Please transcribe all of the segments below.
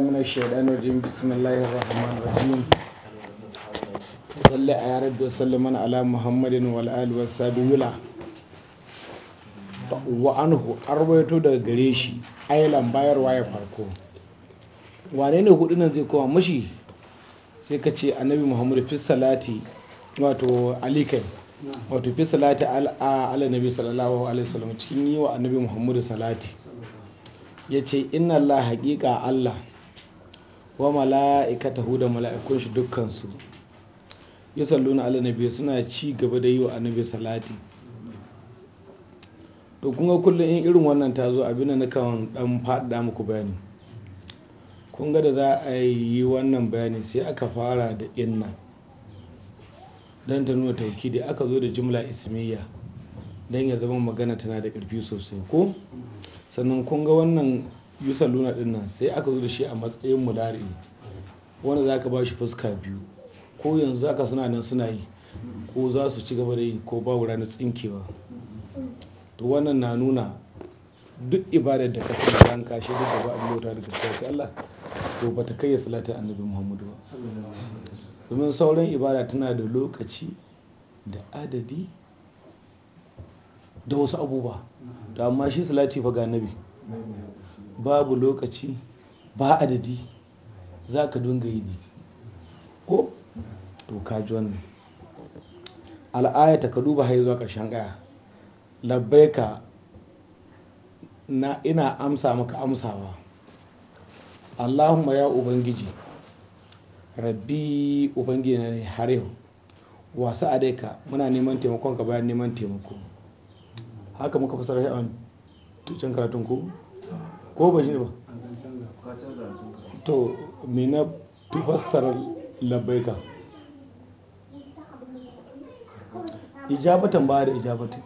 من الشيطان الرجيم بسم الله الرحمن الرحيم صلى يا رب وسلم على محمد والآل والصحابه له wa anhu arwaito daga gare shi ailan bayarwa ya farko wane ne hudu nan zai koma mashi sai ka ce annabi muhammadu fi salati wato alikai wato fi salati ala nabi sallallahu alaihi wasallam cikin yi wa annabi muhammadu salati ya ce inna allah haƙiƙa allah wa mala'ikatahu da mala'ikun shi dukkansu. sallu na ala nabi suna ci gaba da yi wa annabi salati to kun kullum in irin wannan ta zo abin na kan dan faɗa muku bayani kun ga da za a yi wannan bayani sai aka fara da inna don ta nuna da aka zo da jimla ismiya don ya zama magana tana da ƙarfi sosai ko sannan kun ga wannan yusan luna din nan sai aka zo da shi a matsayin mulari wanda za ka ba shi fuska biyu ko yanzu aka suna nan suna yi ko za su ci gaba da yi ko babu ranar tsinkewa to wannan na nuna duk ibadar da ka da ran kashe duk da ba a bauta da gaskiya sai Allah to bata kai salatin annabi Muhammadu ba domin sauran ibada tana da lokaci da adadi da wasu abubuwa to amma shi salati fa ga annabi babu lokaci ba adadi za ka dunga yi ne ko to ka ji wannan al'ayata ka duba har zuwa ƙarshen aya labbai ka ina amsa maka amsawa allahumma ya ubangiji rabbi ubangiji na ne har yau wasu a daika muna neman taimakon ka bayan neman taimako haka muka fasara shi a tucin karatun ku ko ba shi ba to me na fassara labbaika ijabatan ba da ijabatan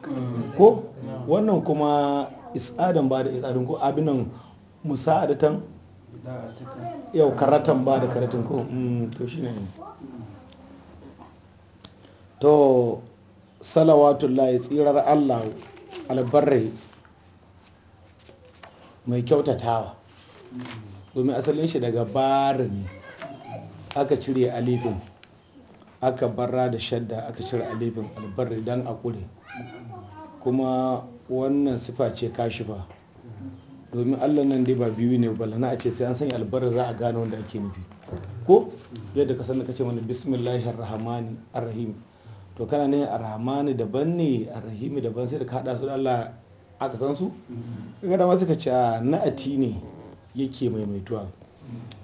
ko wannan kuma isadan ba da isadan ko abinan musa'adatan yau karatan ba da karatan ko mm, to shi ne to salawatullahi tsirar allah albarrai mai kyautatawa domin asalin shi daga bara ne aka cire alifin aka barra da shadda aka cire alifin albarri don a kure kuma wannan sifa ce kashifa domin allah nan dai ba biyu ne bala na a ce sai an sanya albarra za a gano wanda ake nufi ko yadda ka sani kace mana bismillahir rahmani arrahim to kana ne arrahmani daban ne arrahimi daban sai da ka hada su da allah aka san su mm-hmm. da masu suka ce ah, na'ati ne yake maimaituwa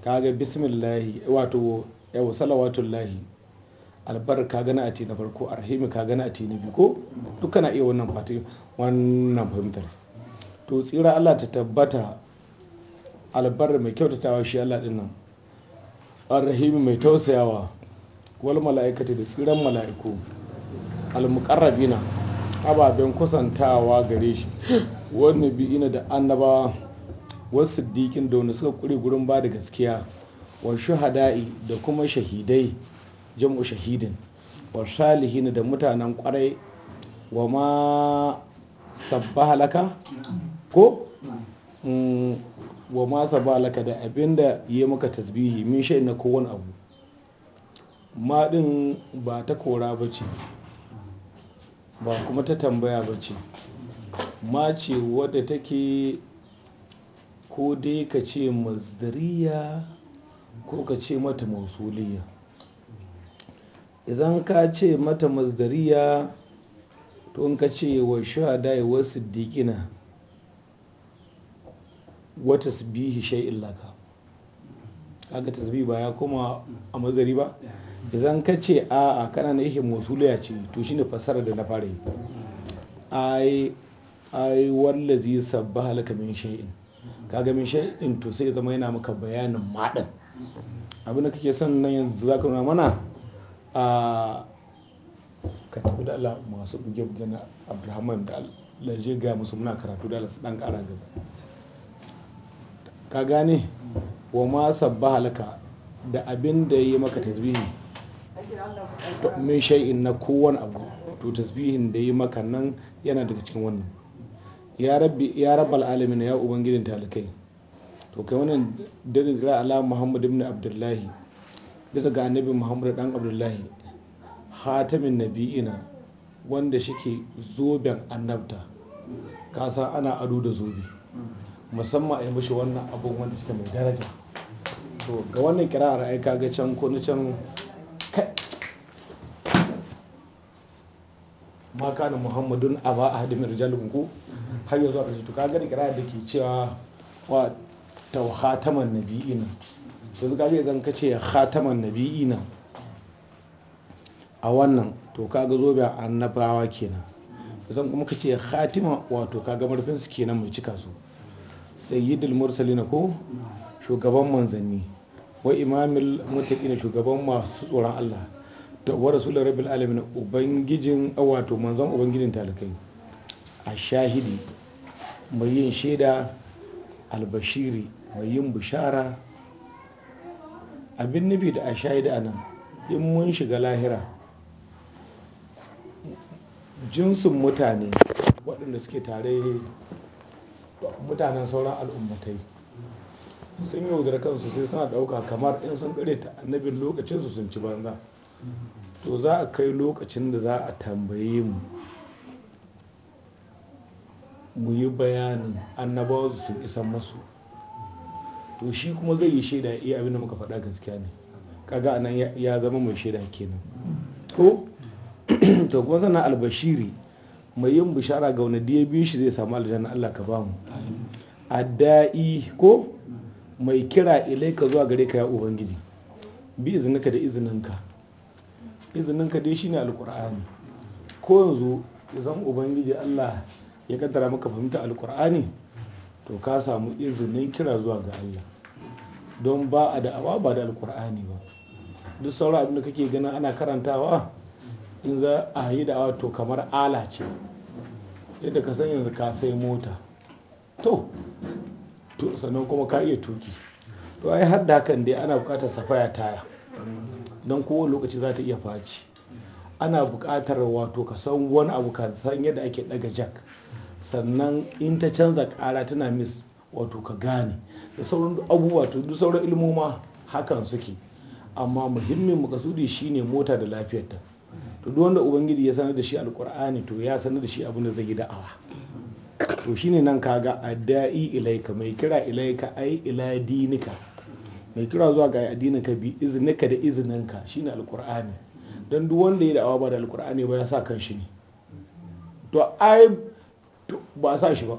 kaga bismillahi wato yawa salawatullahi albar ka gana ati na farko arhimi ka gana ati na biyu ko mm-hmm. duk kana iya wannan fata wannan fahimtar to tsira Allah ta tabbata albar mai kyautatawa shi Allah din nan arhimi mai tausayawa wal mala'ikata da tsiran mala'iku al muqarrabina ababen kusantawa gare shi wani ina da annabawa wasu siddiƙin da wani suka kure gurin ba da gaskiya wa shuhada'i da kuma shahidai jam'u shahidin wa da mutanen kwarai wa ma sabba halaka ko mm, wa ma sabba halaka da abinda ya maka tasbihi min sha'in na kowane abu Maɗin ba ta kora ba ce ba kuma ta tambaya ba ce mace wadda take ko dai ka ce mazdariya ko ka ce mata mausuliya idan ka ce mata mazdariya tun in ka ce wa shahada wasu dikina wata bihi shai'in laka kaga tasbi ba ya koma a mazari ba idan ka ce a a kana na ihe ce to shine fasara da na fara yi ai ai wallazi sabba halaka min shay'in kaga min shay'in to sai zama yana maka bayanin madan abin da kake son nan yanzu zaka nuna mana a ka tafi da Allah masu buge-buge na Abdulrahman da laje ga musu muna karatu da Allah su dan kara gaba ka gane wa ma sabba halaka da abin da ya yi maka tasbihi min shay'in na kowane abu to tasbihin da ya yi maka nan yana daga cikin wannan ya rabbi ya rabbal alamin ya ubangijin talakai, to kai wannan dare zira ala muhammad ibn abdullahi bisa ga annabi muhammad dan abdullahi khatamin nabi'ina wanda shike zoben annabta kasa ana ado da zobe musamman a yi mishi wannan abun wanda suke mai daraja to ga wannan kira'ar ai kaga can ko na can ma kana muhammadun a ba a hadimin rijalin ku har yanzu a ƙarshe to kaga da kira'ar da ke cewa wa tau khataman nabi'ina yanzu kaga idan ka ce khataman nabi'ina a wannan to kaga zobe annabawa kenan zan kuma kace ya khatima wato kaga marfin su kenan mai cika su sayyidul na ko shugaban manzanni wa imamul na shugaban masu tsoron Allah da wa rasulur rabbil alamin ubangijin wato manzon ubangijin talakai a shahidi mai yin shaida albashiri mai yin bishara abin nufi da a shahidi a nan in mun shiga lahira jinsin mutane waɗanda suke tare mutanen sauran al'ummatai sun yi yaudara kansu sai suna ɗauka kamar in sun gare ta annabin lokacinsu sun ci banza to za a kai lokacin da za a tambaye mu mu yi bayanin annabawa sun isan masu to shi kuma zai yi shaida iya abin da muka faɗa gaskiya ne kaga anan ya zama mai shaida kenan ko to kuma sannan albashiri mai yin bishara ga wani ya biyu shi zai samu aljanna Allah ka bamu adda'i ko mai kira ilai ka zuwa gare ka ya ubangiji bi izininka da izininka izininka dai shine alkur'ani ko yanzu zan ubangiji Allah ya kaddara maka fahimta alkur'ani to ka samu izinin kira zuwa ga Allah don ba a da'awa ba da alkur'ani ba duk sauran abin da kake ganin ana karantawa in za a yi da to kamar ala ce yadda ka san yanzu ka sai mota to sannan kuma ka iya tuki to ai har da kan dai ana bukatar safaya taya don kowa lokaci za ta iya faci ana bukatar wato ka san wani abu ka san yadda ake daga jack sannan in ta canza kara tana miss wato ka gane da sauran abubuwa to duk sauran ilmoma hakan suke amma muhimmin makasudi shine mota da lafiyarta to duk wanda ubangiji ya sanar da shi alkur'ani to ya sanar da shi abin da zai yi da'awa to shine nan kaga adda'i ilaika mai kira ilaika ai ila dinika mai kira zuwa ga addininka bi iznika da izininka shine alkur'ani don duk wanda ya da'awa ba da alkur'ani ba ya sa kan shi ne to ai ba sa shi ba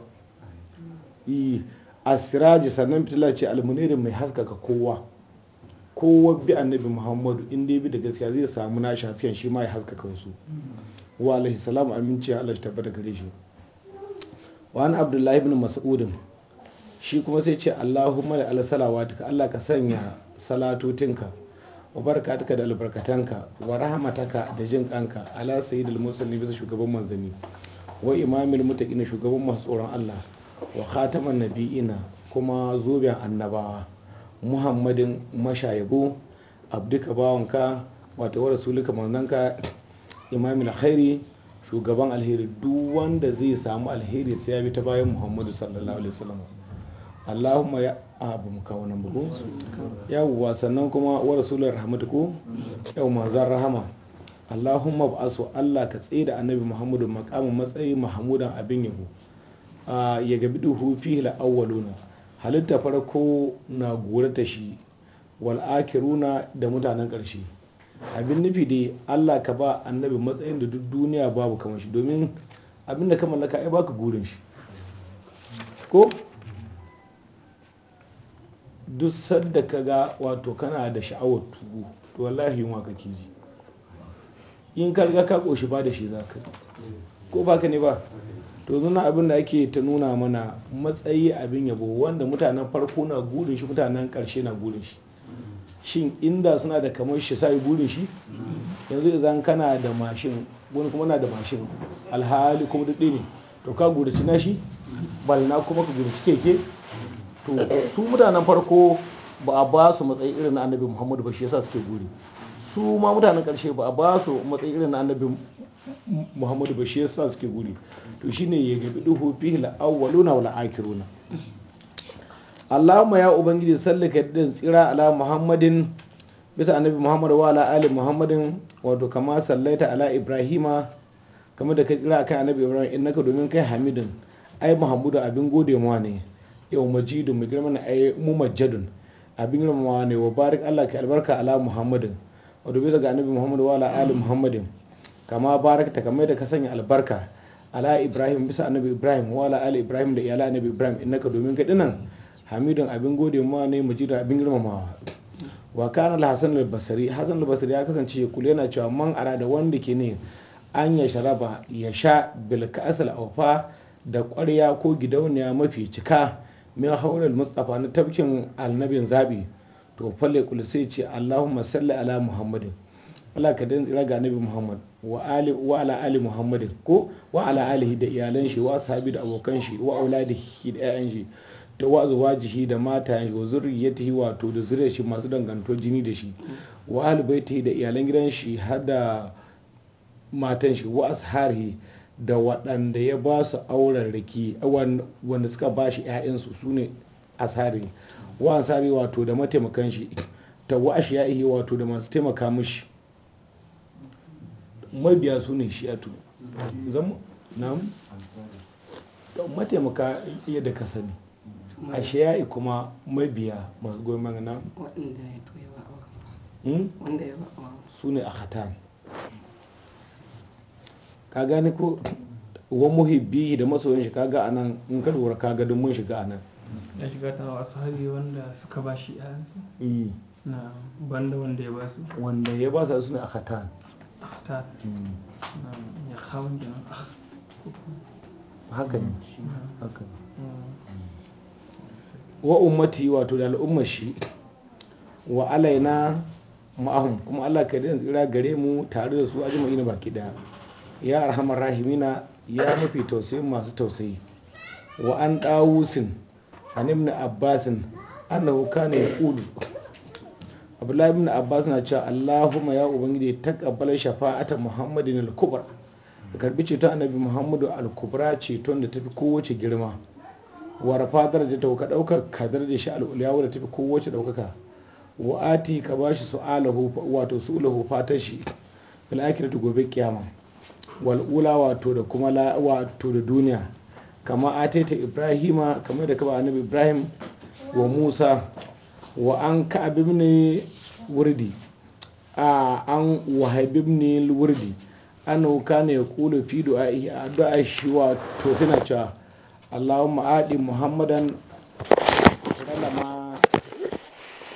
asiraji sannan fitila ce almunirin mai haskaka kowa kowa bi annabi muhammadu in dai bi da gaskiya zai samu nashi hasken shi ma ya haskaka wasu wa alaihi salamu aminci Allah shi tabbata gare shi wa an abdullahi ibn mas'udin shi kuma sai ce allahumma la ala ka Allah ka sanya salatotinka wa ka da albarkatanka wa rahmataka da jin kanka ala sayyidil musulmi bisa shugaban manzanni wa imamil mutaqina shugaban masu tsoron Allah wa khataman nabiyina kuma zoben annabawa muhammadin mashayabu abduka bawanka wato wa rasulika manzanka imamil khairi shugaban alheri duk wanda zai samu alheri sai ya bi ta bayan muhammadu sallallahu alaihi wasallam allahumma ya abu ah, muka wannan bugu yawwa sannan kuma wa rasulun rahmatu ko yau manzan rahama allahumma allah ka tsaye da annabi muhammadu makamin matsayi muhammudan abin yabo ah, ya gabi duhu fi al halitta farko na gore ta shi wal'akiruna da mutanen ƙarshe abin nufi dai Allah ka ba annabi matsayin da duk duniya babu kamar shi domin abin da ka mallaka ya baka gurin shi ko duk sadda ka ga wato kana da sha'awar tugu to wallahi yunwa ka ji in ka ka koshi ba da shi za ka ko baka ne ba to nuna abin da ake ta nuna mana matsayi abin yabo wanda mutanen farko na gurin shi mutanen karshe na gurin shi shin inda suna da kamar shi sai gurin shi yanzu idan kana da mashin wani kuma na da mashin alhali kuma duk ne to ka gurace na shi balna kuma ka gurace keke to su mutanen farko ba a ba su matsayi irin na annabi muhammadu ba shi yasa suke guri su ma mutanen karshe ba a ba su matsayi irin na annabi muhammadu ba shi yasa suke guri. to shine ya gabi duhu fihil awwaluna wal akhiruna Allahumma ya ubangiji sallaka din tsira ala muhammadin bisa annabi muhammad wa ala ali muhammadin wato kama sallaita ala ibrahima kamar da ka tsira akan annabi ibrahim innaka domin kai hamidin ai muhammadu abin gode mu ne yau majidu mu girma na ai mu majadun abin mu ne wa barik Allah ka albarka ala muhammadin wato bisa ga annabi muhammad wa ala ali muhammadin kama ta kamar da ka sanya albarka ala ibrahim bisa annabi ibrahim wa ala ali ibrahim da iyala annabi ibrahim innaka domin ka dinan hamidun abin gode ma ne mu jira abin girmamawa wa kana al-hasan al-basri hasan basri hasan al ya kasance ya kula yana cewa man ara da wanda ke ne an ya sharaba ya sha bil ka'sal awfa da ƙwarya ko gidauniya mafi cika min haulal mustafa na tabkin alnabin zabi to falle kul sai ce allahumma salli ala muhammadin Allah ka dinga ga annabi muhammad wa ali ala ali muhammadin ko wa ala alihi da iyalan shi wa ashabi da abokan shi wa auladihi da ƴaƴan shi da wa zuwajihi da mata shi wa zurriyatihi wato da zuriyar shi masu danganto jini da shi wa ahli baitihi da iyalan gidan shi da matan shi wa asharihi da waɗanda ya ba su auren riki wanda suka ba shi 'ya'yansu su ne asari wa ansari wato da mataimakan shi ta wa ashiyahi wato da masu taimaka mishi mabiya su ne shi'atu zama nam mataimaka iya da ka sani a shiya'i kuma mabiya masu goyon bayan nam hmm? su ne a hatan ka gane ko wa muhibbi da masoyin shi kaga a nan in ka lura kaga duk mun shiga a nan ya shiga ta wasu wanda suka ba shi yayansu eh. na banda wanda ya ba su wanda ya ba su suna a hatan ya wa ummati wato da al'ummar shi wa alaina ma'ahum kuma Allah ka da tsira gare mu tare da su na baki daya ya arhamar rahimina ya mafi tausayin masu tausayi wa an dawusin an ibn abbasin annahu kana yaqulu abdullahi ibn abbas na cewa allahumma ya ubangiji taqabbal shafa'ata muhammadin al-kubra ka karbi ceton annabi muhammadu al-kubra ceton da tafi kowace girma wa rafa daraja ta ka daukar ka daraja shi al-uliya wanda tafi kowace daukaka wa ati ka bashi su'alahu wato su'alahu fatan shi bil akhirati gobe kiyama wal ula wato da kuma la wato da duniya kama ataita ibrahima kamar da ka ba annabi ibrahim wa musa wa an ka'ab ibn wurdi a an ne wurdi annahu ya kula fi du'a'i shi shi to suna cewa Allahumma adi Muhammadan sallama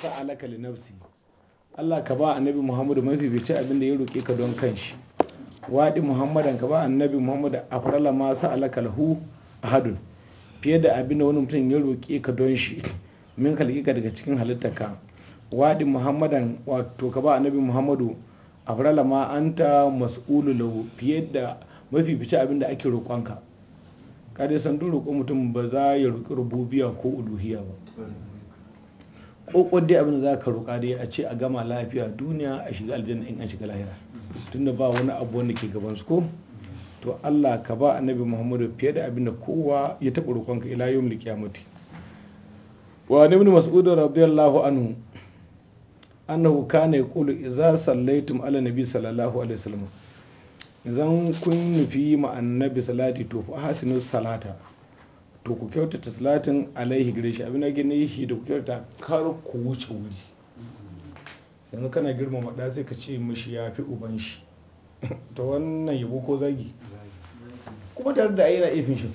sa'alaka li nafsi Allah ka ba annabi Muhammadu mafificin abin da ya roƙe ka don kanshi wadi Muhammadan ka ba annabi Muhammadu a farlama sa'alaka lahu ahadun fiye da abin da wani mutum ya roƙe ka don shi min ka daga cikin ka. wadi muhammadan wato ka ba annabi muhammadu a farala ma anta mas'ulu lau fiye da mafi fice abin da ake roƙonka ka dai san duk roƙon mutum ba za ya roƙi rububiya ko uluhiya ba Ko dai abin da za ka roƙa dai a ce a gama lafiya duniya a shiga aljanna in an shiga lahira tunda ba wani abu wanda ke gaban su ko to Allah ka ba annabi Muhammadu fiye da abin da kowa ya taɓa roƙonka ila yau mulki qiyamati wa ibn mas'ud radiyallahu anhu annahu kana yaqulu idza sallaitum ala nabi sallallahu alaihi wasallam idan kun nufi ma annabi salati to fa hasinu salata to ku kyautata salatin alaihi gare shi abin da gane shi da ku kyautata kar ku wuce wuri yanzu kana girmama da sai ka ce mishi ya fi uban shi to wannan yabo ko zagi kuma tare da ayyana ifin shi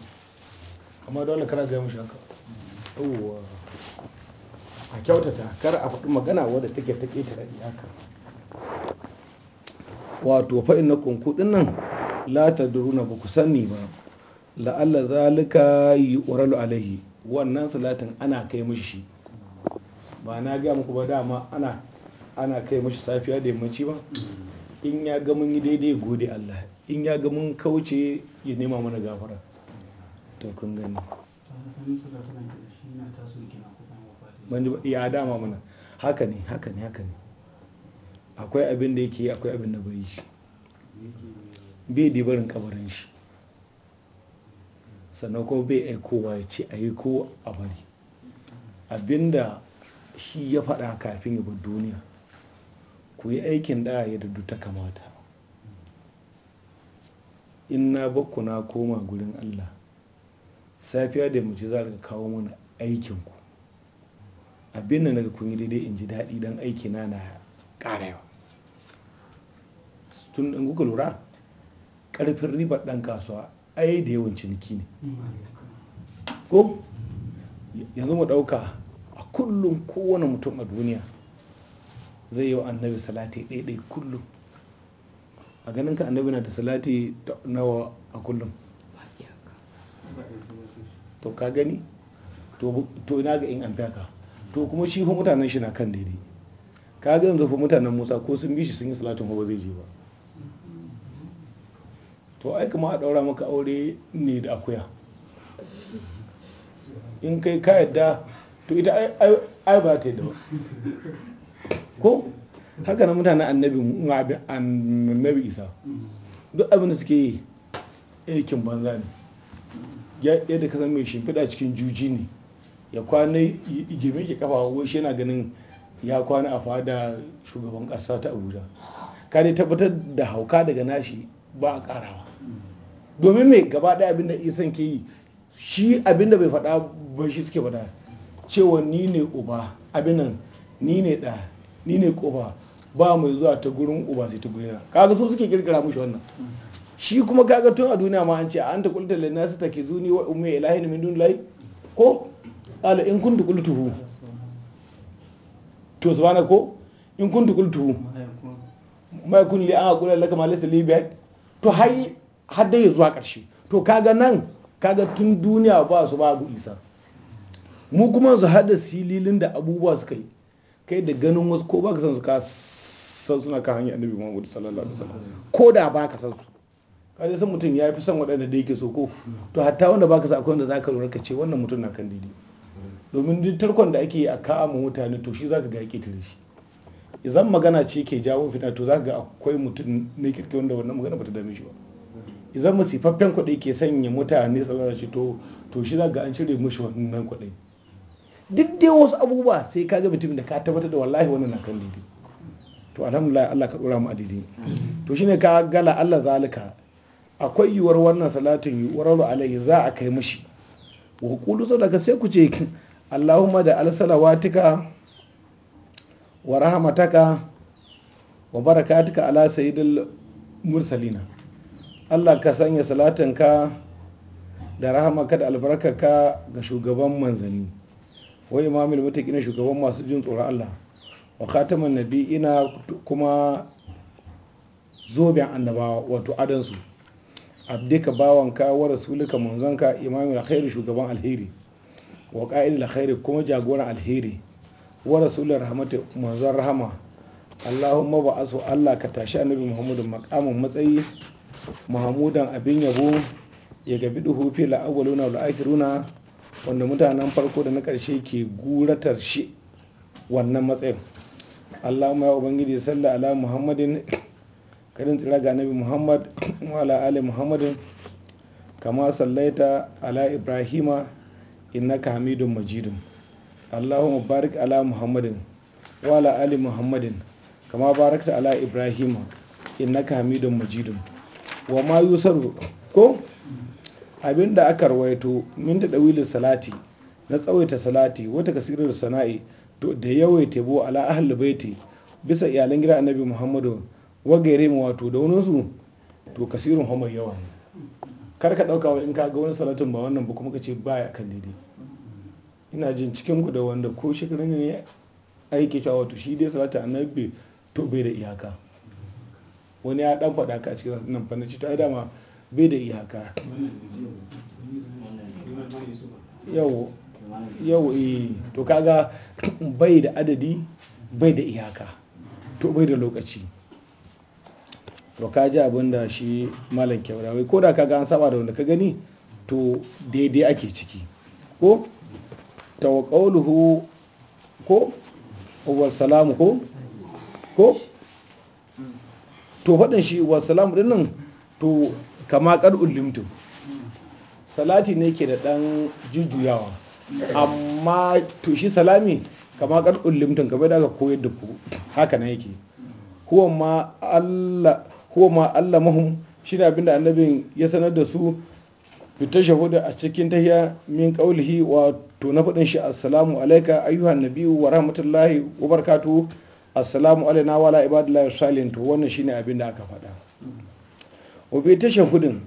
amma dole kana ga mishi haka yawwa a kyautata kar a faɗi magana wadda take ta ƙetare iyaka wato fa'in na kunkudin nan la ta duruna ba ku sani ba la'alla zalika yi ƙoralu alaihi wannan salatin ana kai mishi ba na gaya muku ba dama ana ana kai mishi safiya da yammaci ba in ya ga mun yi daidai gode Allah in ya ga mun kauce ya nema mana gafara to kun gani ban ya dama mana haka ne haka ne haka ne akwai abin da yake akwai abin da bai shi bai dibarin kabarin shi sannan ko bai aikowa ya ce a yi ko a bari abinda shi ya faɗa kafin ya bar duniya ku yi aikin da ya da ta kamata in na bakku na koma gurin allah safiya da mace za ka kawo mana ku. abin da naga kun yi daidai in ji daɗi don aiki na na ƙara yawa tun in kuka lura ƙarfin ribar ɗan kasuwa ai da yawan ciniki ne ko yanzu mu ɗauka a kullum kowane mutum a duniya zai yi annabi salati ɗaiɗai kullum a ganin ka annabi na da salati nawa a kullum to ka gani to ina ga in an ka to kuma shi fa mutanen shi na kan daidai ga yanzu fa mutanen musa ko sun bi shi sun yi salatin ba zai je ba to ai kuma a daura maka aure ne da akuya in kai ka yadda to ita ai ba ta yadda ba ko haka na mutanen annabi annabi isa duk abin da suke yi aikin banza ne yadda ka san mai shimfiɗa cikin juji ne ya kwana gemi ke kafa wai shi yana ganin ya kwana a fada shugaban kasa ta abuja ka ne tabbatar da hauka daga nashi ba a karawa domin mai gaba ɗaya abinda isan ke yi shi abinda bai faɗa ba shi suke faɗa cewa ni ne uba abinan ni ne ɗa ni ne ƙofa ba mai zuwa ta gurin uba sai ta gurina kaga su suke kirkira mushi wannan shi kuma kaga tun a duniya ma an ce an ta kulta lana su take zuni wa ummi ilahi min dun lai ko qala in kuntu qultuhu to subhana ko in kuntu qultuhu ma yakun li an aqula laka ma laysa li bi to hai har dai zuwa karshe to kaga nan kaga tun duniya ba su babu isa mu kuma su hada sililin da abubuwa suka yi kai da ganin wasu ko ka san su ka san suna ka hanyar annabi Muhammad sallallahu alaihi wasallam ko da ba ka san su ka dai san mutum ya fi son waɗanda da yake so ko to hatta wanda ka san akwai wanda zaka lura ka ce wannan mutum na kan daidai domin duk tarkon da ake a ka'a ma mutane to shi za ga yake tare shi idan magana ce ke jawo fitina to za ga akwai mutum ne kirki wanda wannan magana bata dame shi ba idan musifaffen kuɗi ke sanya mutane su shi to to shi za ga an cire mushi wannan kuɗi duk dai wasu abubuwa sai ka ga mutum da ka tabbatar da wallahi wannan na kan daidai to alhamdulillah Allah ka dora mu adidi to shine ka gala Allah zalika akwai yiwuwar wannan salatin yuwar alaihi za a kai mushi wa qulu sadaka sai ku ce allahumma da alsalawatika wa rahmataka wa barakatuka ala sayyidil mursalina allah ka sanya salatinka da rahamaka da ka ga shugaban manzanni wa imamul mutaqina shugaban masu jin tsoron allah wa khataman nabiyina kuma zoben annabawa wato adansu abdika bawanka wa rasulika manzanka imamul khairi shugaban alheri wa da khairi kuma jagoran alheri wa rasulun rahmatu manzon rahama Allahumma aso Allah ka tashi annabi Muhammadu makamin matsayi Mahmudan abin yabo ya gabi duhu fi la'awwaluna wal wanda mutanen farko da na ƙarshe ke guratar shi wannan matsayin Allahumma ya ubangiji salli ala Muhammadin karin tsira ga nabi Muhammad wa ala Muhammadin kama sallaita ala Ibrahima innaka hamidun majidun allahumma barik ala muhammadin wa ala ali muhammadin kama barakta ala ibrahim innaka hamidun majidun wa ma yusaru ko abinda aka rawaito min da dawilin salati na tsawaita salati wata kasirar sana'i da yawaita bo ala ahli baiti bisa iyalan gida annabi muhammadu wa gairemu wato da wani su to kasirin homar yawa kar ka ɗauka wa in ka ga wani salatin ba wannan ba kuma ka ce ba ya kan daidai ina jin cikin ku da wanda ko shekarun ne aiki cewa wato shi dai salatin annabi to bai da iyaka wani ya dan faɗa ka a cikin nan fannin ci to ai dama bai da iyaka yau yau eh to kaga bai da adadi bai da iyaka to bai da lokaci to ka ji abin da shi malam kyaurawai ko da ga an saba da wanda ka gani to daidai ake ciki ko tawakkauluhu ko wasalamu ko ko to faɗin shi wasalamu din nan to kama kar ulimtu salati ne ke da ɗan jujjuyawa amma to shi salami kama kar ulimtu kamar da aka koyar da ku haka nan yake huwa ma Allah huwa ma allamahum shine abinda annabin ya sanar da su fitar shahuda a cikin tahiya min qaulihi wa na faɗin shi assalamu alaika ayyuhan nabiyyu wa rahmatullahi wa barkatu assalamu alaina wa ala ibadillahi salihin to wannan shine abin da aka faɗa wa bi tashahudin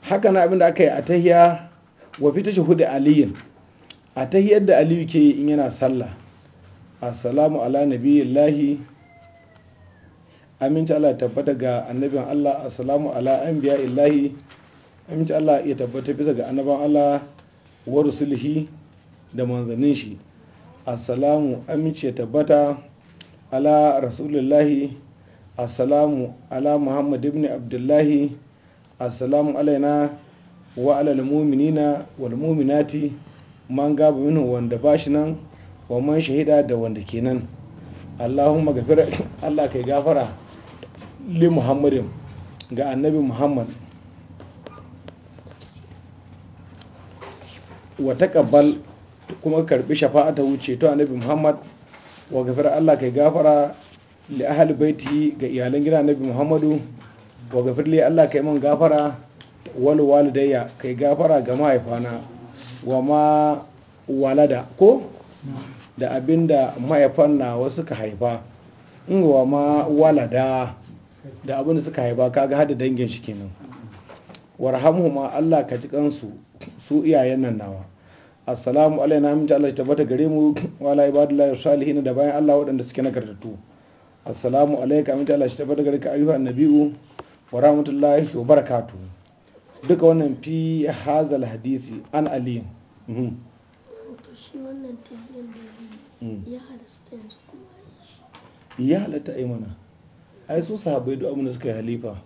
haka na abin da aka yi a tahiya wa bi tashahudi aliyin a tahiyar da aliyu ke yi in yana sallah assalamu ala nabiyillahi aminci Allah ya tabbata ga annabin Allah assalamu ala anbiya illahi aminci Allah ya tabbata bisa ga annaban Allah wa rusulhi da manzannin shi assalamu aminci ya tabbata ala rasulullahi assalamu ala muhammad ibn abdullahi assalamu alaina wa ala almu'minina wal muminati man gaba minhu wanda bashi nan wa man shahida da wanda kenan allahumma gafira allah kai gafara li muhammadin ga annabi muhammad wa taqabbal kuma karbi ta wuce to annabi muhammad wa gafara allah kai gafara li ahli baiti ga iyalan gidan annabi muhammadu wa gafir li allah kai man gafara wal walidayya kai gafara ga mahaifana wa ma walada ko da abinda mahaifan na wasu ka haifa in wa ma walada da abin da suka haifa kaga hada dangin shi kenan ma Allah ka ji kansu su iyayen nan nawa assalamu alaina min Allah tabbata gare mu wa ala ibadillahi salihin da bayan Allah waɗanda suke nagartattu assalamu alaika min Allah tabbata gare ka ayyuhan nabiyyu wa rahmatullahi wa barakatuh duka wannan fi hazal hadisi an ali mhm. mm. ya halatta a yi mana ai su sahabai duk abin da suka yi halifa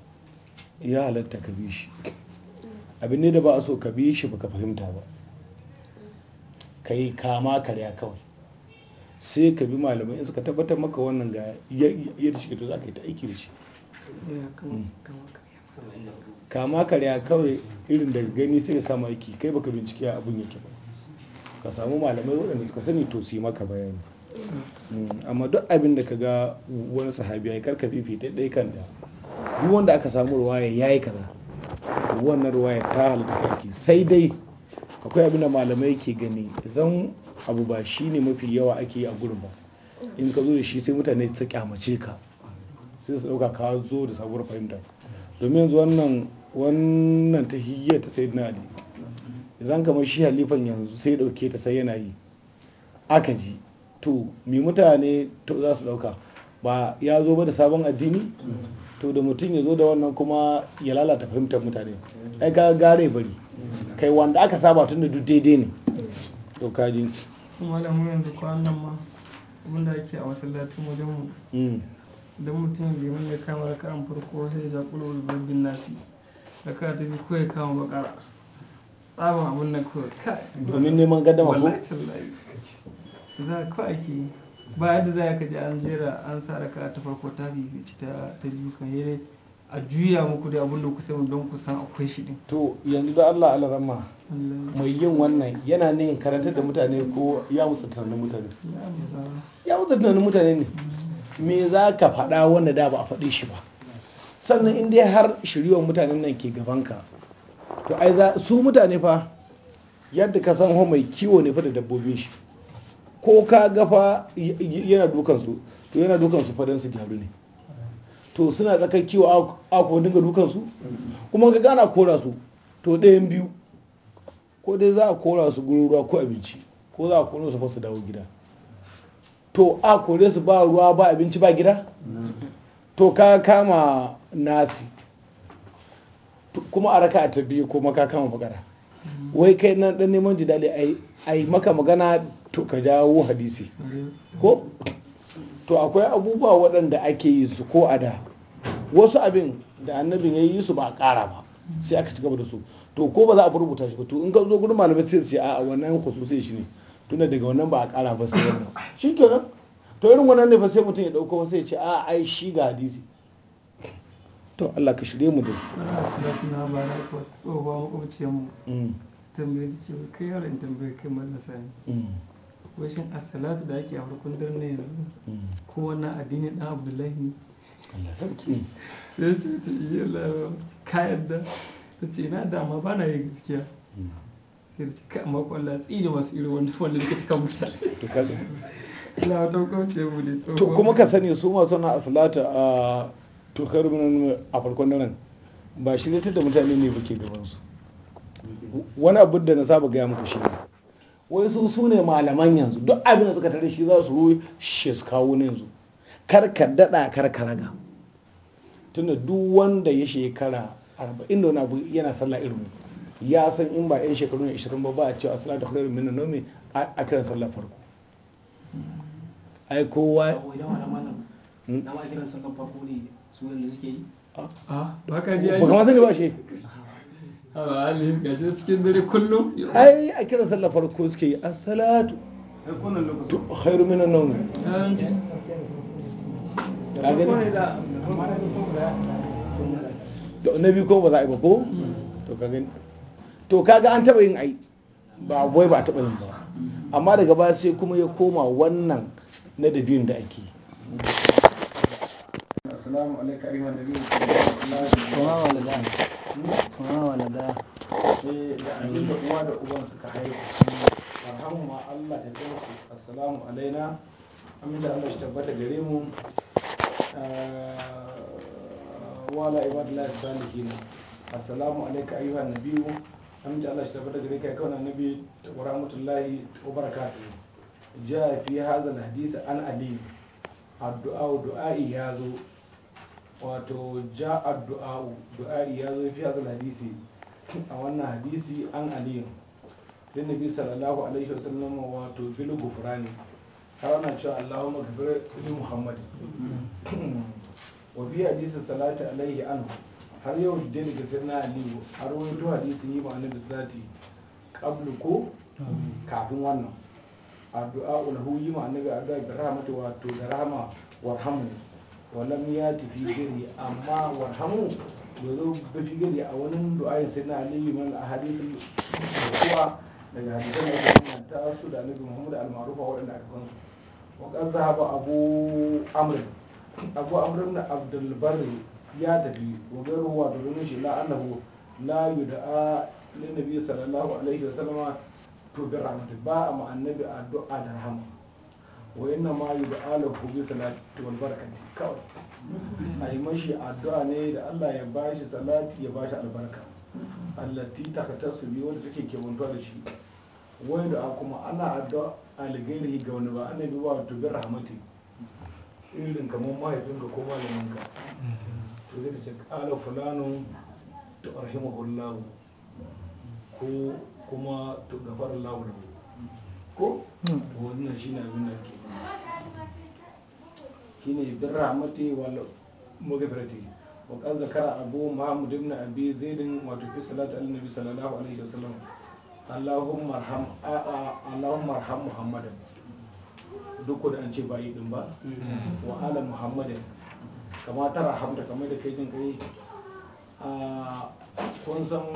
ya halatta ka bi shi abin ne da ba a so ka bi shi baka fahimta ba ka yi kama karya kawai sai ka bi malamai in suka tabbatar maka wannan ga yadda shi to za ka yi ta aiki da shi mm. kama karya kawai irin da gani sai ka kama aiki kai baka bincike abin yake ba ka samu malamai waɗanda suka sani to su yi maka bayani amma duk abin da ka ga wani sahabi ya yi karka fifita ɗai kan da duk wanda aka samu ruwaya ya yi kaza wannan ruwaya ta halatta sai dai akwai abin da malamai ke gani zan abu ba shi ne mafi yawa ake yi a gurin ba in ka zo da shi sai mutane ta kyamace ka sai su ɗauka ka zo da sabuwar fahimta domin yanzu wannan ta hiyar ta sai na ali zan kamar shi halifan yanzu sai ɗauke ta sai yana yi aka ji to mi mutane to za su ɗauka ba ya zo ba da sabon addini to da mutum ya zo da wannan kuma ya lalata fahimtar mutane ai ga gare bari kai wanda aka saba tun da duk daidai ne to kaji mu yanzu nan ma abin da ake a masallatin wajen mu mm. don mutum bai mun ya kama da an farko sai ya kula ulbarbin nasi da ka tafi ko ya kama bakara tsaban abin nan kawai domin neman gadama ko za ka ake ba yadda za ka ji an jera an sa raka ta farko ta fifici ta biyu kan yare a juya muku da abin da ku sani don ku san akwai shi din to yanzu da Allah alarama mai yin wannan yana ne karantar da mutane ko ya wuce tunanin mutane ya wuce tunanin mutane ne mm. me za ka faɗa wanda da ba a faɗi shi ba sannan in dai har shiryewar mutanen nan ke gaban ka to ai za su mutane fa yadda ka san ho mai kiwo ne fa da dabbobin shi ko ka gafa yana dukansu to yana dukansu fadan su gyaru ne to suna tsakar kiwo a ko dinga dukansu kuma ka gana kora su to ɗayan biyu ko dai za a kora su gurin ko abinci ko za a kora su fa dawo gida to a kore su ba ruwa ba abinci ba gida to ka kama nasi kuma a raka a biyu kuma ka kama bagara wai kai nan dan neman jidali ai maka magana to ka dawo hadisi ko to akwai abubuwa waɗanda ake yi su ko a da wasu abin da annabin ya yi su ba a ƙara ba sai aka ci gaba da su to ko ba za a rubuta shi ba to in ka zo gudun malamai sai sai a wannan khususi shi ne tunda daga wannan ba a ƙara ba sai wannan shikenan to irin wannan ne fa sai mutum ya dauko sai ce a ai shi ga hadisi to Allah ka shirye mu da na ba na tsohuwa makwabciyar mu mm. tambayar ce kai yaron tambayar kai mallasa ne mm. wai asalatu da ake a farkon dare ne yanzu hmm. ko wani addini dan abdullahi ne sai ce ta iya lawa ka yadda ta ce na dama ba na yi gaskiya hmm. sai da cika amma latsi tsini masu irin wanda wanda suka cika mutane lawa wata kwace mu ne tsohon to kuma ka sani su masu na assalatu a tokar a farkon daren ba ta da mutane ne ba ke gabansu wani abu da na saba gaya muka shi ne wai sun su ne malaman yanzu duk abin da suka tare shi za su ruwa shi su kawo ne yanzu kar ka daɗa kar ka raga tunda duk wanda ya shekara arba'in da wani abu yana sallah irin ya san in ba yan shekaru ne ishirin ba ba a cewa asala da kudin min nomi a kiran sallah farko ai kowa na ma kiran sallah farko ne suke yi ah, ah, ba ba shi Haba Ali gashi cikin dare kullum. Ai a kiran sallah farko suke yi as-salatu. Khairu minan nawm. Da biyu ko ba za a yi ba ko? Hmm. To kaga an taba yin ai. Ba wai ba taba yin ba. Amma daga ba sai kuma ya koma wannan na da biyun da ake. Assalamu alaikum wa kuma walada sai da uwa da uban suka haihu ma Allah ya kai su assalamu alaina amin Allah shi tabbata gare mu wala salihin assalamu Allah shi tabbata gare nabi wa rahmatullahi wa barakatuh wato ja addu'a'u du'ari ya zo fiye hadal hadisi a wannan hadisi an aliyu din nabi sallallahu alaihi wasallam wato bil gufrani har ana cewa Allahu ghfir li muhammad wa bi hadisi salati alaihi anhu har yau da daga sirna aliyu har wani to hadisi yi ma'ana da salati qablu ko kafin wannan addu'a'u ulahu yi ma'ana ga addu'a da rahmatu wato da rahama warhamu walam ya tafi gari amma warhamu ya zo bafi gari a wani du'ayin sai na aliyu min ahadisin kuwa daga hadisan da yake ta su da annabi muhammad al-marufa waɗanda aka san su wa qad zahaba abu amr abu amr ibn abdul barri ya tafi wa ruwa, da wani shi la annahu la yud'a lin nabi sallallahu alaihi wa sallama to bi ba a ma'annabi annabi addu'a da rahama wa inna ma yi da alaku bi salati wal kawai a yi mashi addu'a ne da Allah ya bashi salati ya bashi albarka allati su biyu wanda ke kewantuwa da shi Wani da kuma ana addu'a algairihi ga wani ba annabi ba wato bi rahmati irin kamar mahaifinka ko malaminka to zai ce ala fulano to arhimahullahu ko kuma to gafara lahu ko wannan shine abin da ke shine rahmati wal maghfirati wa kan zakara abu mahmud ibn abi zaid wa fi salati al nabi sallallahu alaihi sallam allahumma arham allahumma arham muhammadan duk da an ce bayi din ba wa ala muhammadan kama ta rahamta kamar da kai din kai a kun san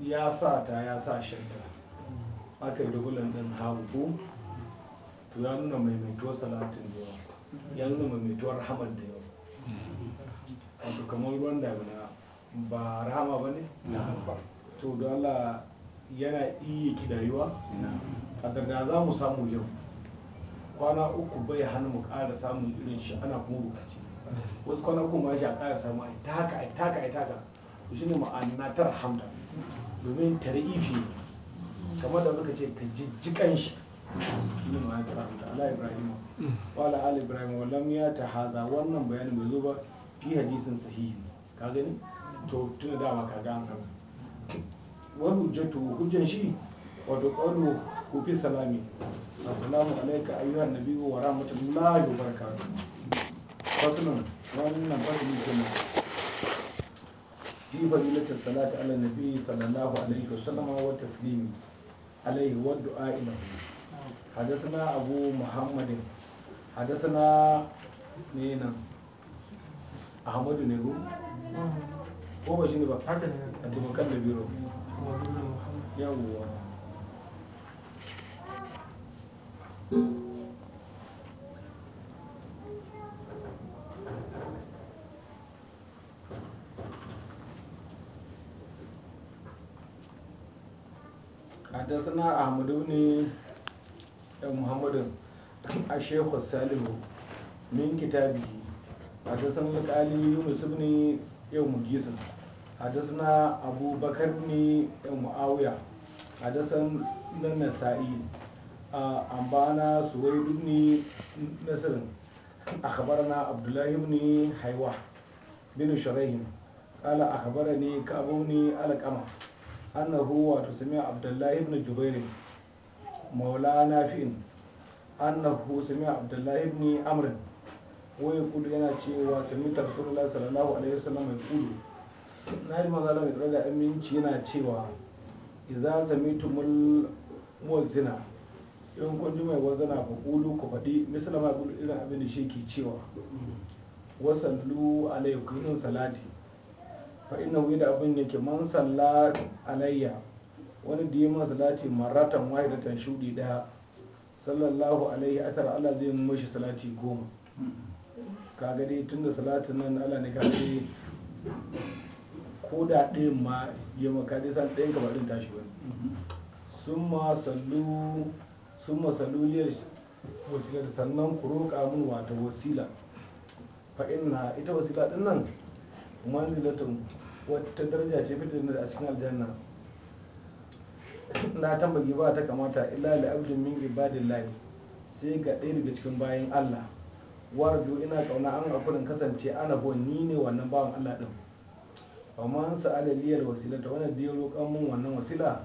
ya sa ta ya sa shirka aka yi dubulan ɗin hagu to ya nuna maimaituwar salatin da yawa ya nuna maimaituwar rahamar da yawa wato kamar ruwan damina ba rahama ba ne to da Allah yana iya kidayuwa a daga za mu samu yau kwana uku bai hannu mu ƙara samun irin shi ana kuma bukaci wasu kwana uku ma shi a ƙara samu a taka, haka a ta taka. a shi ne ma'anatar hamda domin tarihi ne kamar da muka ce ka jijjikan shi shine ma ta ala ibrahim wa ala ala ibrahim wa lam ya ta hada wannan bayanin bai zo ba fi hadisin sahihi ka gani to tuna dama ka ga an wa hujjatu hujjan shi da qalu ku fi salami assalamu alayka ayyuhan nabiyyu wa rahmatullahi wa barakatuh fasalun wannan fasalin kenan في فضيلة الصلاة على النبي صلى الله عليه وسلم والتسليم عليه والدعاء له حدثنا أبو محمد حدثنا مينا أحمد نيرو هو شنو بقى؟ أنت مكان بيرو يا الله da suna a ne ɗan muhammadu a shekwa salihu min biki a ta san lokali yi musu ne yau a ta abubakar ne ɗan a ta nan sa'i a ambana su wai duk ne a kabar na abdullahi ne haiwa binu shari'in ala a ne kabo ne alakama annahu wa sami abdullahi ibn jubair maula nafi'in annahu sami abdullahi ibn Amrin. Wai kudu yana cewa sami rasulullah sallallahu alaihi wasallam kudu. na yi magana mai tsoro da aminci yana cewa idza sami muwazzina in kun ji mai wazana ku kulu ku faɗi misalama kulu irin abin da shi ke cewa wasallu alaihi kudu salati fa inna wuyi da abin yake man salla alayya wani da yi salati maratan wahidatan shudi daya sallallahu a asar Allah zai mashi salati goma ka gani tun da salatin nan Allah ne ka gani ko da ɗayan ma ya maka nisan ɗayan ka ba ɗin tashi ba sun ma sallu sun ma sallu liyar wasilar sannan ku roƙa mun wata wasila fa inna ita wasila ɗin nan manzilatun wata daraja ce fitar da a cikin aljanna na tambagi ba ta kamata illa da abdin min lai sai ga ɗaya daga cikin bayan Allah warju ina kauna an akurin kasance ana bo ni ne wannan bawan Allah ɗin. amma an sa liyal wasila ta wani biyu roƙon mun wannan wasila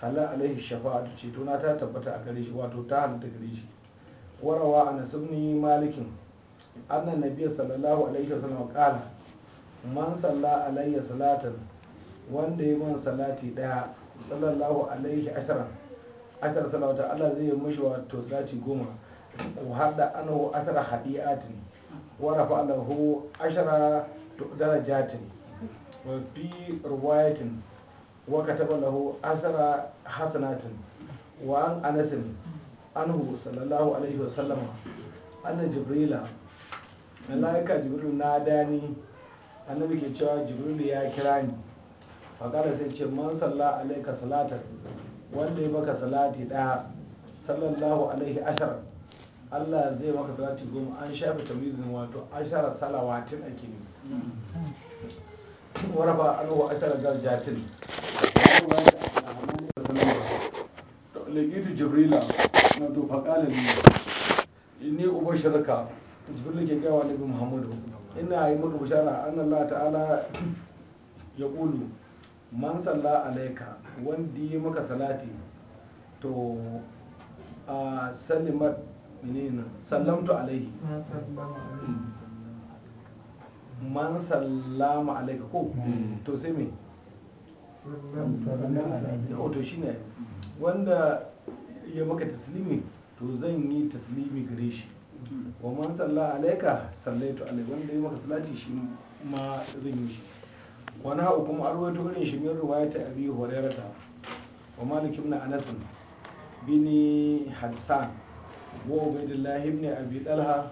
hala alaihi shafa'atu ce to na ta tabbata a gare shi wato ta halatta gare shi warawa a Nasibni malikin annan nabiya sallallahu alaihi wasallam kala man salla alayya salatan wanda ya man salati daya sallallahu alaihi ashara ashara salawata Allah zai yi mishi wato salati goma Wa hada anahu ashara hadiyatin wa rafa lahu ashara darajatin wa bi riwayatin wa kataba lahu ashara hasanatin wa an anas anhu sallallahu alaihi wa sallama anna jibrila malaika jibril na dani annabi ke cewa jibrilu ya kira ni fakara sai ce man salla alaika salatar wanda ya maka salati ɗaya sallallahu alaihi ashar Allah zai maka salati goma an shafe tamizin wato ashara salawatin ake ne waraba alwa ashara darajatin lagitu jibrila na to faƙalin ne shirka. jibril ke gawa nabi muhammadu ina yi maka bishara an allah ta'ala ya kulu man salla alaika wanda yi maka salati to a salimat menene sallamtu alaihi man sallama alaika ko to sai me oh, to shine wanda ya maka taslimi to zan yi taslimi gare shi wa man salla alaika sallaitu alai wanda yi maka salati shi ma zan yi shi wani hau kuma an shi irin shi min ruwayata abi hurairata wa malik ibn anas bini hassan wa ubaidillah ibn abi dalha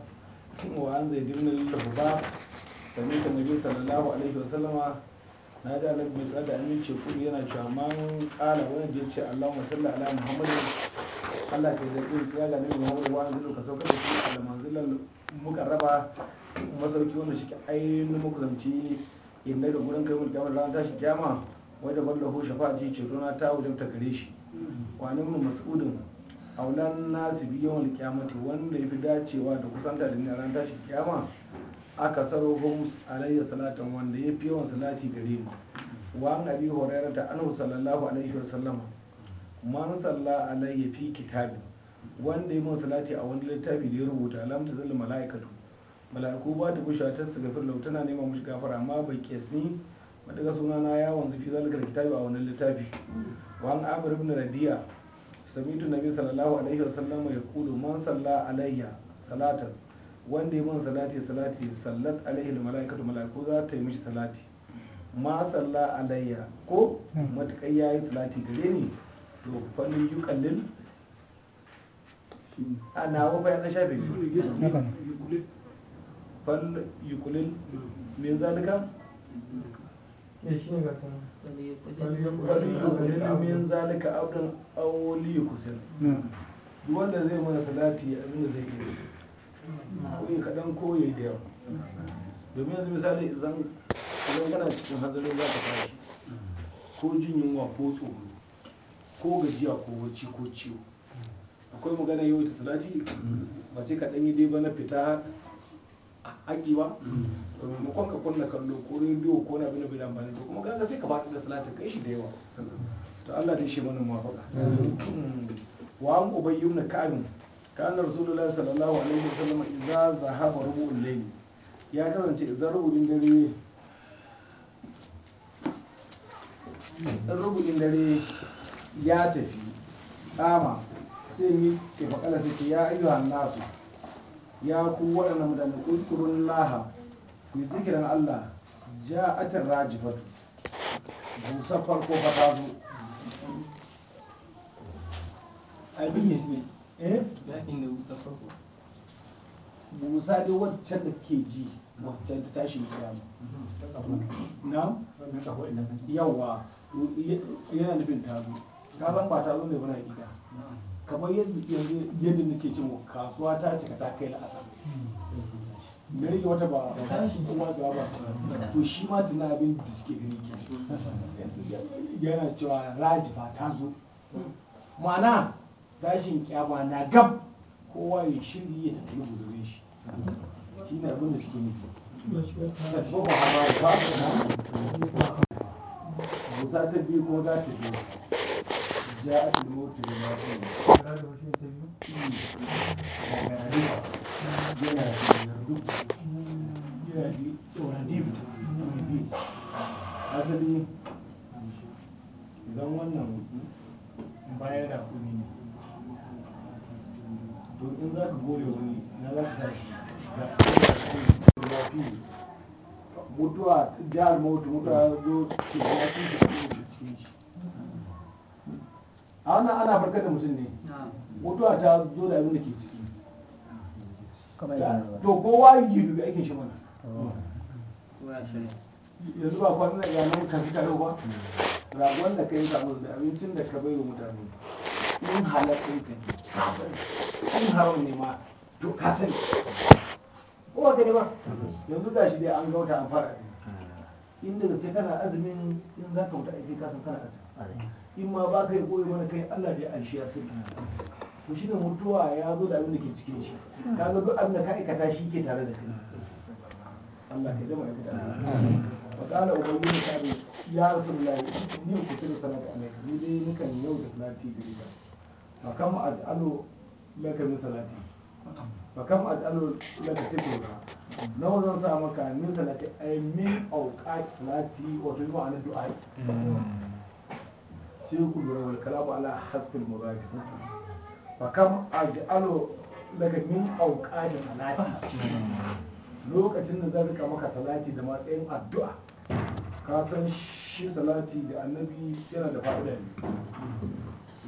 wa an zaid ibn al ba. sami ta nabi sallallahu alaihi wa sallama na ji alaƙa mai tsada amince kudu yana cewa man ƙala wani da ya ce allahumma salli ala muhammadin Allah ke zaɓi ya ga nabi Muhammad wa anzilu ka saukar da shi a da manzilan muka raba masauki wanda shi ke ainihin makusanci inda da gurin kai mun kyamar ran tashi kyama wajen shafa shafa'ati ce na ta wajen ta gare shi wani mun mas'udin aunan nasu wani kyamata, wanda ya fi dacewa da kusanta da ni a ran tashi kyama aka saro homs alayya salatan wanda ya fi yawan salati gare mu wa an abi ta Anu sallallahu alaihi wa sallama man salla alayya fi kitabin wanda ya mun salati a wani littafi da ya rubuta lam zalla malaikatu malaiku ba ta gusha ta su gafir lau tana neman mushi gafara amma bai kesni suna na ya wanzu fi zalikar kitabi a wani littafi wa an abu ibn rabi'a samitu nabi sallallahu alaihi wa sallam ya kulu man salla alayya salatan wanda ya mun salati salati sallat alayhi malaikatu malaiku za ta yi mishi salati ma salla alayya ko hmm. ya yayi salati gare ni to falin yi kallin a na wa bayan na shafe biyu fal yi kulin min zalika fal yi kulin min zalika abdan awoli yi kusin duk wanda zai mana salati abin da zai yi ko yi kaɗan ko da yawa domin yanzu misali zan kana cikin hanzarin za ka tashi ko jin yunwa ko tsoro ko gajiya ko wacce ko ciwo akwai magana yau ta salati ba sai ka dan yi dai ba na fita haƙi ba maimakon ka kunna kallo ko rediyo ko na abin na bai amfani to kuma ka sai ka ba da salati kai shi da yawa to Allah dai shi mana muwafaqa wa an ubayy ibn ka'ab kana rasulullahi sallallahu alaihi wasallam idza zahaba rubu'ul layl ya kasance idza rubu'in dare rubu'in dare ya tafi kama sai mi ke faƙala sai ya ayyuhan nasu ya ku waɗannan mutane uzkurun laha ku zikirin Allah ja'atar rajifatu busar farko ba ta abin eh? busar farko busa dai ji ka san ba ta zo ne muna gida kamar yadda yadda nake cewa kasuwa ta cika ta kai la'asar da rike wata ba kuma ta ba to shi ma tuna abin da suke gani ke yana cewa ba ta zo Mana gashin kyama na gab kowa ya shirya ya tafi guzurin shi shi ne abin da suke nufi ba ta biyu ko za ta ba asali idan wannan bayan rakumi za ka wani na mutuwa jihar mota mutuwa zo ke rafi da cikin shi a wannan ana farkar da mutum ne mutuwa ta zo da abin da ke ciki to kowa yi dubi aikin shi mana yanzu ba kwanan da yanar ka fi karo ba ragon da ka yi samu da abincin da ka bai wa mutane in halatta yi kan in haram ne ma to ka sani ko ba ne ba yanzu ga shi dai an gauta an fara inda da ce kana azumin in za ka wuta aiki kasan kana azumin in ma ba ka yi koyi mana kai Allah da ya anshi ya sirri to shi da mutuwa ya zo da abin da ke cikin shi ka ga duk abin da ka aikata shi ke tare da kai Allah ka jama'a ka da Allah wa qala ubayyin sabi ya rasulullahi ni ku tuna salata alayka ni dai nukan yau da salati gare ka fa kam ad'alu laka min salati fa kam ad'alu laka tibura nawa zan sa maka min salati ay min awqat salati wato ma'anar du'a mm. sai lura wal kalamu ala hasbil muradi fa kam aj'alu daga min auqati salati lokacin da zan ka maka salati da matsayin addu'a ka san shi salati da annabi yana da fa'ida ne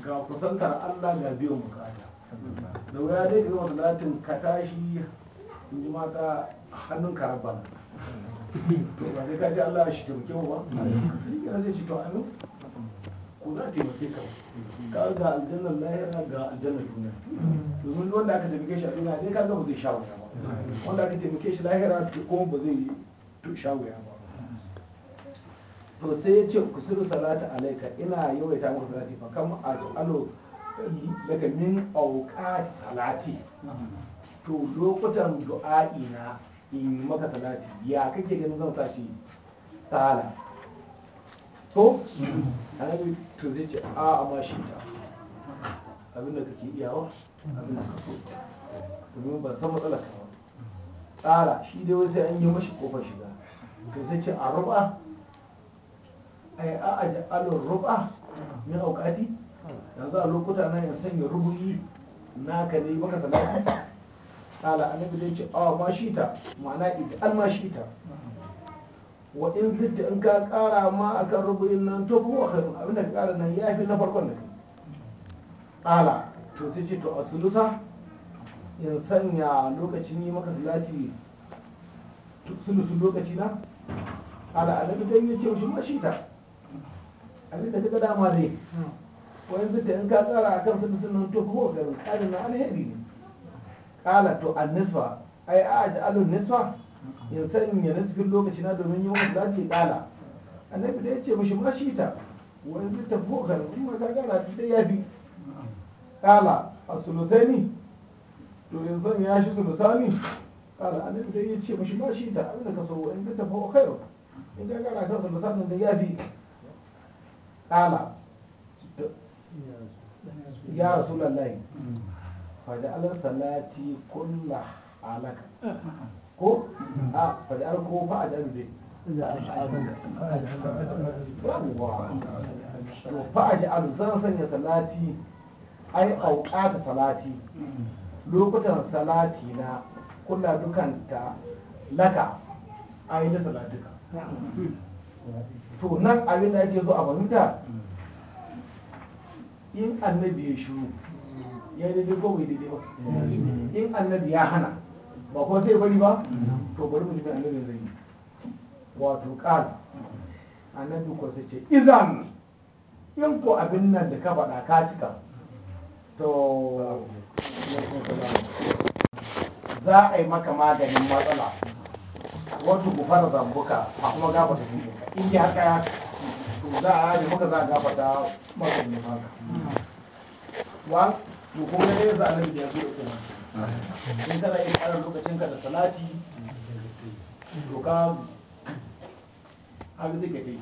ga kusantar Allah ga biyan bukata da wuya dai ga salatin ka tashi in ji mata hannun karabba to ba dai ka ji Allah shi taimake mu ba shi ke sai shi to amin ko taimake ka ka ga aljannar lahira ga aljannar duniya domin wanda aka taimake shi a duniya dai ka ga ba zai sha wuya ba wanda aka taimake shi lahira ko ba zai sha wuya ba to sai ya ce ku suru salata alaika ina yawaita maka salati fa kam aj'alu daga min auqati salati to lokutan du'a'i na in maka salati ya kake ganin zan sa shi tala to annabi to zai ce a amma shi ta abin da kake iyawa abin da kake domin ban san matsalar ka tsara shi dai wai sai an yi mashi kofar shiga to zai ce a ruba ai a aj'alur ruba min auqati yanzu a lokuta na yin sanya rubuyi naka ne maka salati kala annabi zai ce a amma shi ta ma'ana ita ma shi ta wa in zidda in ka kara ma akan rubu'in nan to huwa khairun abin da ka kara nan ya fi na farkon da ala to sai ce to a sulusa in sanya lokacin yi maka salati sulusun lokaci na ala alabi ta yi ce shi ma shi ta abin da ka dama dai wani zidda in ka kara akan sulusun nan to huwa khairun ƙarin na alheri ne kala to an nisfa ai a aj'alun nisfa ya in sanya cikin lokaci na domin yi wanda ce dala annabi da ya ce mashi ma shi ta wani zai tabo ga in ma gagara da ya fi kala a sulusani to in sanya ya shi sulusani kala annabi da ya ce mashi ma shi ta abin da ka so wani zai tabo kai in gara kan sulusani da ya fi kala ya rasulallahi fa da alassalati kulla alaka ko a faɗar ko fa a jarube fa a ji'alu zan sanya salati ai auƙata salati lokutan salati na kula dukanta laka ai na salatika to nan abin da ake zo a fahimta in annabi ya shiru ya yi daidai ko bai daidai ba in annabi ya hana ba kuma sai bari ba mm-hmm. to bari mu ji da annabi zai yi wato qal annabi ko sai ce izan in ko abin nan da ka faɗa ka cika to za a yi maka maganin matsala wato fara zambuka a kuma gabata zunubi in yi haka ya to za a yi maka za a gabata maganin haka mm-hmm. wa to kuma ne za a yi da ya zo da kuma in kana yin ƙarar lokacinka da salati to ka har zai kai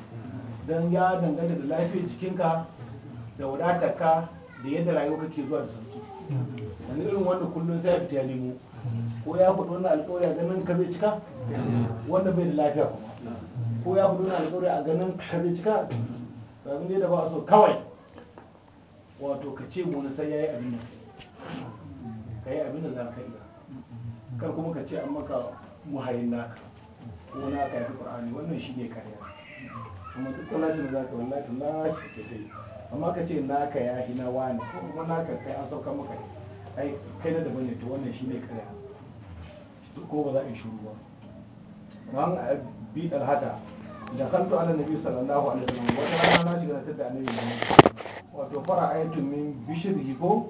don ya dangane da lafiyar jikinka da wadatarka da yadda rayuwa kake zuwa da sauki wani irin wanda kullum sai ya fita ya nemo ko ya faɗi wani alƙawari a ganin ka zai cika wanda bai da lafiya kuma ko ya faɗi wani alƙawari a ganin ka zai cika domin da ba a so kawai wato ka ce mu sai ya yi abin da ka yi abin da za ka iya kar kuma ka ce an maka muhayin naka ko na ka yi qur'ani wannan shi ne kariya amma duk kwallacin da za ka wallahi la ka dai amma ka ce naka ya hina wani ko kuma naka kai an sauka maka ai kai na daban ne to wannan shi ne kariya ko ba za a yi shuru ba ran bi dalhata da kanto ala nabi sallallahu alaihi wasallam wata rana na shiga da annabi wato fara ayatun min bishir ko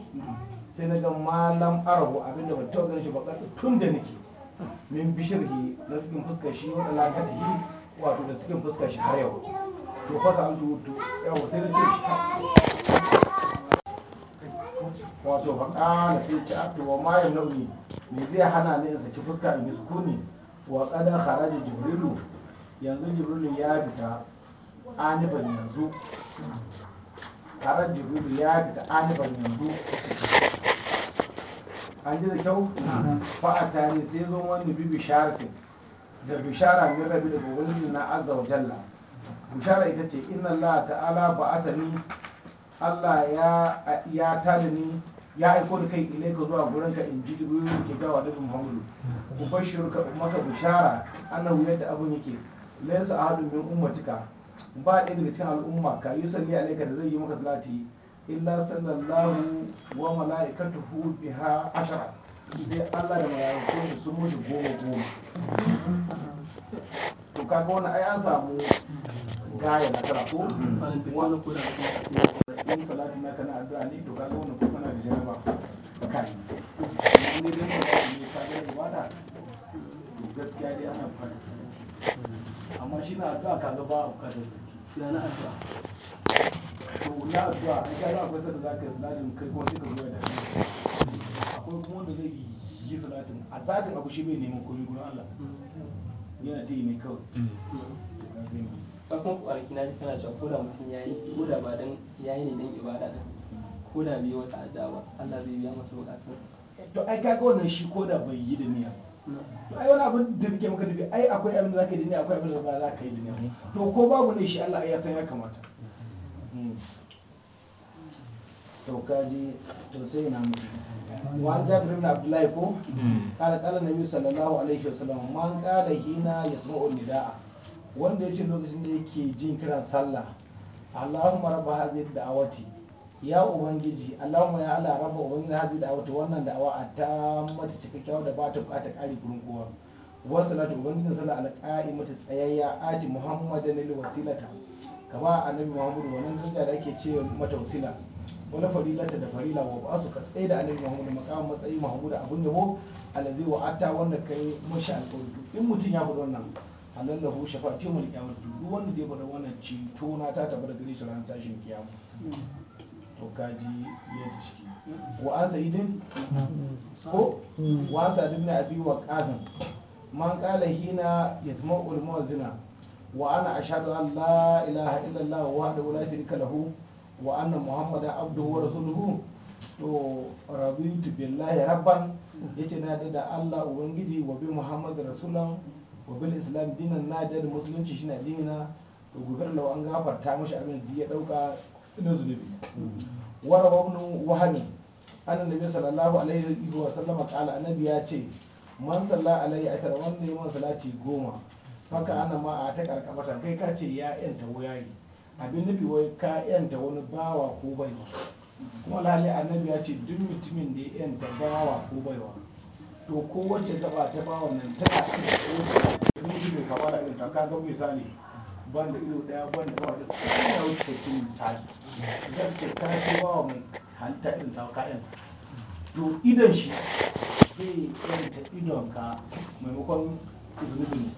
sai na ga malam arabu abinda ba ta ganin shi ba tun da nake min bishirhi na cikin fuskar shi wata lakatihi wato da cikin fuskar shi har yau to fasa an tutu yau sai da ce shi wato ba ƙana sai ci abdu ah, wa mayan nauni me zai hana ne in saki fuska in miskuni wa kada kharaja jibrilu yanzu jibrilu ya fita anifan yanzu tare da gudu ya da ɗaliban yanzu an ji da kyau ba a tare sai zo wani bi bisharatin da bishara min rabi daga wurin na azza wa jalla bishara ita ce inna allah ta'ala ba asani allah ya ya tada ni ya aiko da kai ilai ka zuwa gurin ka in ji dubu ke gawa da muhammadu ku bashir ka maka bishara annahu yadda abun yake laisa ahadun min ummatika ba ɗaya daga cikin al'umma ka yi salli alaika da zai yi maka salati illa sallallahu wa mala'ikatuhu biha ashara sai Allah da mala'iku sun mutu goma goma to kaga wani ai an samu gaya na kara ko wani kuna yin salati na kana addu'a ne to kaga wani kuma na da jaraba kai ne dai ne ka ga gaba da gaskiya dai ana fata amma shi na addu'a ka ga ba a bukatar sarki na na addu'a to na addu'a a ga za a kwasa da zaka salatin kai ko duka zuwa da akwai kuma wanda zai yi salatin a zatin abu shi bai neman komai gurin Allah yana ta yi ne kawai ba kuma kwarki na tana cewa ko da mutum ya yi ko da ba dan ya yi ne dan ibada din ko da bai wata addu'a ba Allah zai biya masa bukatunsa to ai kaga wannan shi ko da bai yi da niyya ba ai wani abin da muke maka dabi ai akwai abin da zaka yi ne akwai abin da ba za ka yi ne to ko babu ne shi Allah ya san ya kamata hmm. to kaji to sai na mutu wa jabir ibn abdullahi ko hmm. kada kala nabi sallallahu alaihi wasallam man kada hina yasma'u nida'a wanda yace lokacin da yake jin kiran sallah Allahumma rabb hadhihi da'awati ya ubangiji allahumma ya allah wani ubangiji hazi da wata wannan da'awa a ta mata cikakkiya da ba ta bukata kari gurin kowa wa salatu ubangijin sallah alƙa'i mata tsayayya ati muhammadan lil wasilata a annabi muhammadu wannan daraja da ake ce mata wasila wani farilata da farila wa ba su ka tsaye da annabi muhammadu makamin matsayi muhammadu abun yabo alazi wa atta wanda kai mashi alƙawari in mutum ya faɗi wannan halallahu shafa'atul qiyamah duk wanda zai faɗi wannan ci na ta tabbata gare shi ranar tashin kiyama to kaji yadda shi wa an sa'idin ko mm. wa an sa'idin na abi wa kazan man kala hina yasma'ul muwazzina wa ana ashhadu an la ilaha illallah wa da la sharika lahu wa anna muhammadan abduhu wa rasuluhu to rabitu billahi rabban yace na da Allah ubangiji wa bi muhammadin rasulan wa bil islam dinan na da musulunci shine dinina to gobe Allah an gafarta mashi abin da ya dauka na zunubi wara wabnu wahabi an nabi sallallahu alaihi wa sallama kala annabi ya ce man salla alaihi ashara wanda ya man salati goma haka ana ma a ta karkamata kai ka ce ya yanta wuyayi abin nufi wai ka yanta wani bawa ko baiwa kuma lalai annabi ya ce duk mutumin da ya yanta bawa ko baiwa to ko wacce gaba ta bawa nan tana cikin rufi oh, mai kama da irin ta kaga misali ban da ido daya ban da wani ya wuce misali yadda ta yi wa mai hanta ɗin tauka ɗin to idon shi zai yanta idon ka maimakon zunubin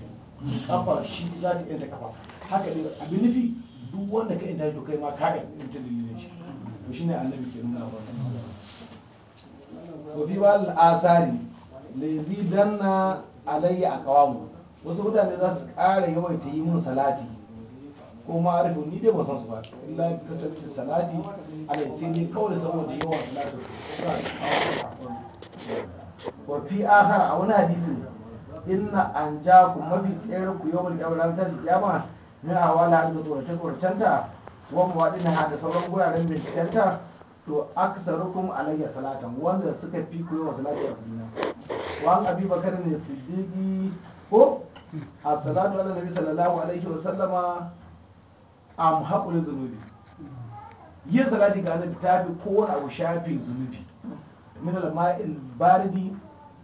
kafa shi za ta yanta kafa haka ne abin nufi duk wanda ka yanta to kai ma ka ga yanta dalilin shi to shine annabi ke nuna wa wa fi wal asari lazidanna alayya aqwamu wasu mutane za su ƙara yawaita yi mun salati ko ma'arifu ni dai ba san su ba illa bi ka tabbata salati alai sai ne kawai saboda yawan salatu wa fi akhar a wani hadisi inna an ja ku mafi tsayar ku yawon kyawar ta kiyama min awala har da tsorace tsoracenta wa mu waɗin ha da sauran guraren bincikenta to aksarukum alayya salatan wanda suka fi ku yawan salati a kudina wa an abi bakar ne siddiqi ko a salatu ala nabi sallallahu alaihi wa sallama a muhaƙulin zunubi yin salati ga wani ta fi wani abu shafin zunubi min al baridi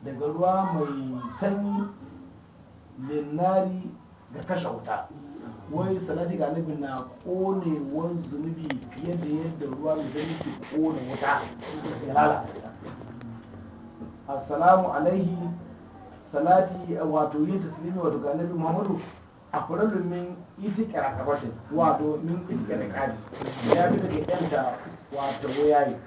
daga ruwa mai sanyi linnari da kashe wuta wai salati ga annabi na wani zunubi fiye da yadda ruwa mai sanyi ke kone wuta ya lalata assalamu alaihi salati wato yin taslimi wato ga muhammadu a farallin itika a kabatin wato min itika da kari ya fi daga yadda wato ya yi